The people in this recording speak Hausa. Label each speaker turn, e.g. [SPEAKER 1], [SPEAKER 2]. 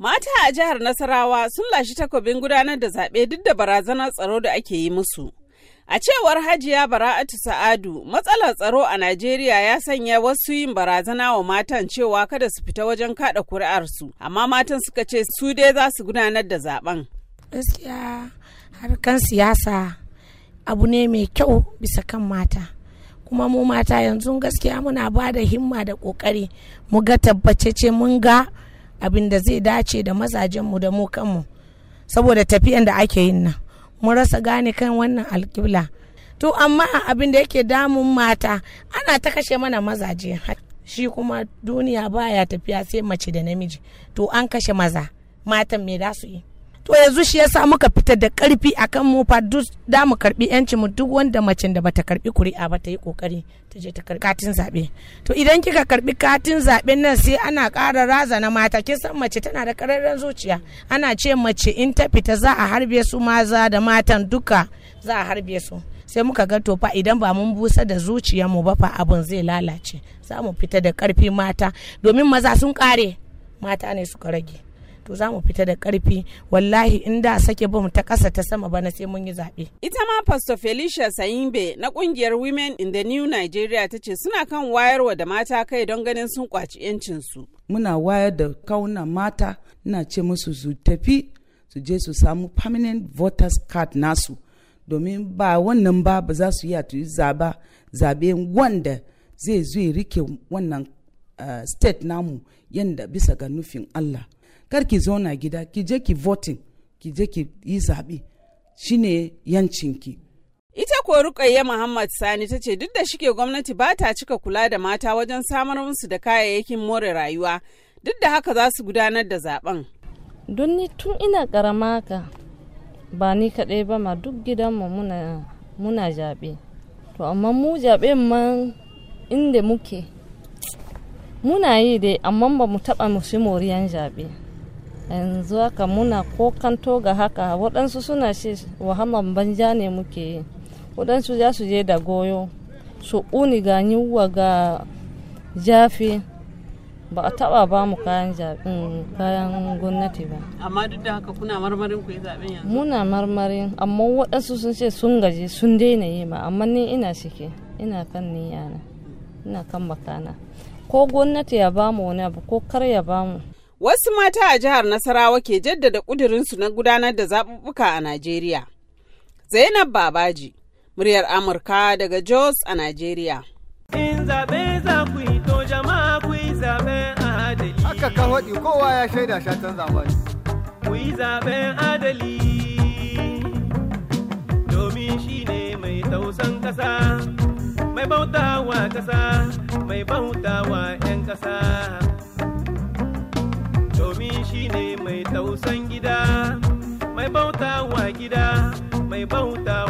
[SPEAKER 1] Mata a jihar Nasarawa sun lashi takobin gudanar da zaɓe duk da barazanar tsaro da ake yi musu. A cewar Hajiya Bara'atu Sa'adu, matsalar tsaro a Najeriya ya sanya wasu yin barazana wa matan cewa kada su fita wajen kaɗa ƙuri'arsu, amma matan suka ce su dai za su gudanar da zaben.
[SPEAKER 2] Gaskiya harkan siyasa abu ne mai kyau bisa kan mata. kuma mu mata yanzu gaskiya muna ba da himma da ƙoƙari mu ga tabbace mun ga abin da zai dace da mazajenmu da mu kanmu saboda tafiyan da ake yin nan mun rasa gane kan wannan alƙibla to amma abin da yake damun mata ana ta kashe mana mazaje shi kuma duniya baya tafiya sai mace da namiji to an kashe maza matan me za su yi to yanzu shi yasa muka fita da karfi akan mu fa duk da mu karbi yanci mu duk wanda macen da bata karbi kuri'a ba ta yi kokari ta je ta karbi katin zabe to idan kika karbi katin zabe nan sai ana ƙara raza na mata kin san mace tana da kararren zuciya ana ce mace in ta fita za a harbe su maza da matan duka za a harbe su sai muka ga to fa idan ba mun busa da zuciya mu ba fa abun zai lalace za mu fita da karfi mata domin maza sun kare mata ne suka rage to za mu fita da karfi wallahi in da sake bom ta kasa ta sama bana sai mun yi zaɓe.
[SPEAKER 1] ita ma pastor felicia sayimbe na kungiyar women in the new nigeria ta ce suna kan wayarwa da mata kai don ganin sun kwaci 'yancinsu.
[SPEAKER 3] muna wayar da kauna mata ina ce musu su tafi su je su samu permanent voters card nasu domin ba wannan ba ba za su iya zaba zabe wanda zai zo rike wannan uh, state namu yanda bisa ga nufin Allah. kar ki zauna gida ki je ki votin ki je ki yi zaɓe shine yancinki
[SPEAKER 1] Ita ko Rukayya Muhammad Sani ta ce duk da shike gwamnati ba ta cika kula da mata wajen samar musu da kayayyakin more rayuwa duk da haka za su gudanar da zaben.
[SPEAKER 4] Don ni tun ina karama ka ba ni kaɗai ba ma duk gidanmu muna muna jaɓe. To amma mu jaɓe man inda muke muna yi dai amma ba mu taɓa mu shi moriyan zaɓe yanzu haka muna kokanto ga haka waɗansu suna shi wahaman banja ne muke yi waɗansu za su je da goyo su uni ga yiwuwa ga jafi ba a taɓa ba mu kayan mm, kayan gwamnati ba
[SPEAKER 1] amma duk da haka kuna marmarin ku yi zaɓen yanzu muna
[SPEAKER 4] marmarin amma waɗansu sun ce sun gaji sun daina yi ma amma ni ina shike ina kan niyana ina kan makana ko gwamnati ya ba mu wani abu ko kar ya ba mu Wasu mata a jihar
[SPEAKER 1] Nasarawa ke jaddada ƙudurinsu na gudanar da zaɓuɓɓuka a Najeriya. Zainab Babaji, muryar Amurka daga Jos a Najeriya. In zaɓe za ku yi to jama'a ku yi zaɓen adali. Haka kan waɗi kowa ya shaida shatan
[SPEAKER 3] zaɓen. Ku yi zaɓen adali domin shi ne mai tausan ƙasa, mai bautawa ƙasa, mai bautawa 'yan ƙasa. tausan gida mai bautawa gida mai bautawa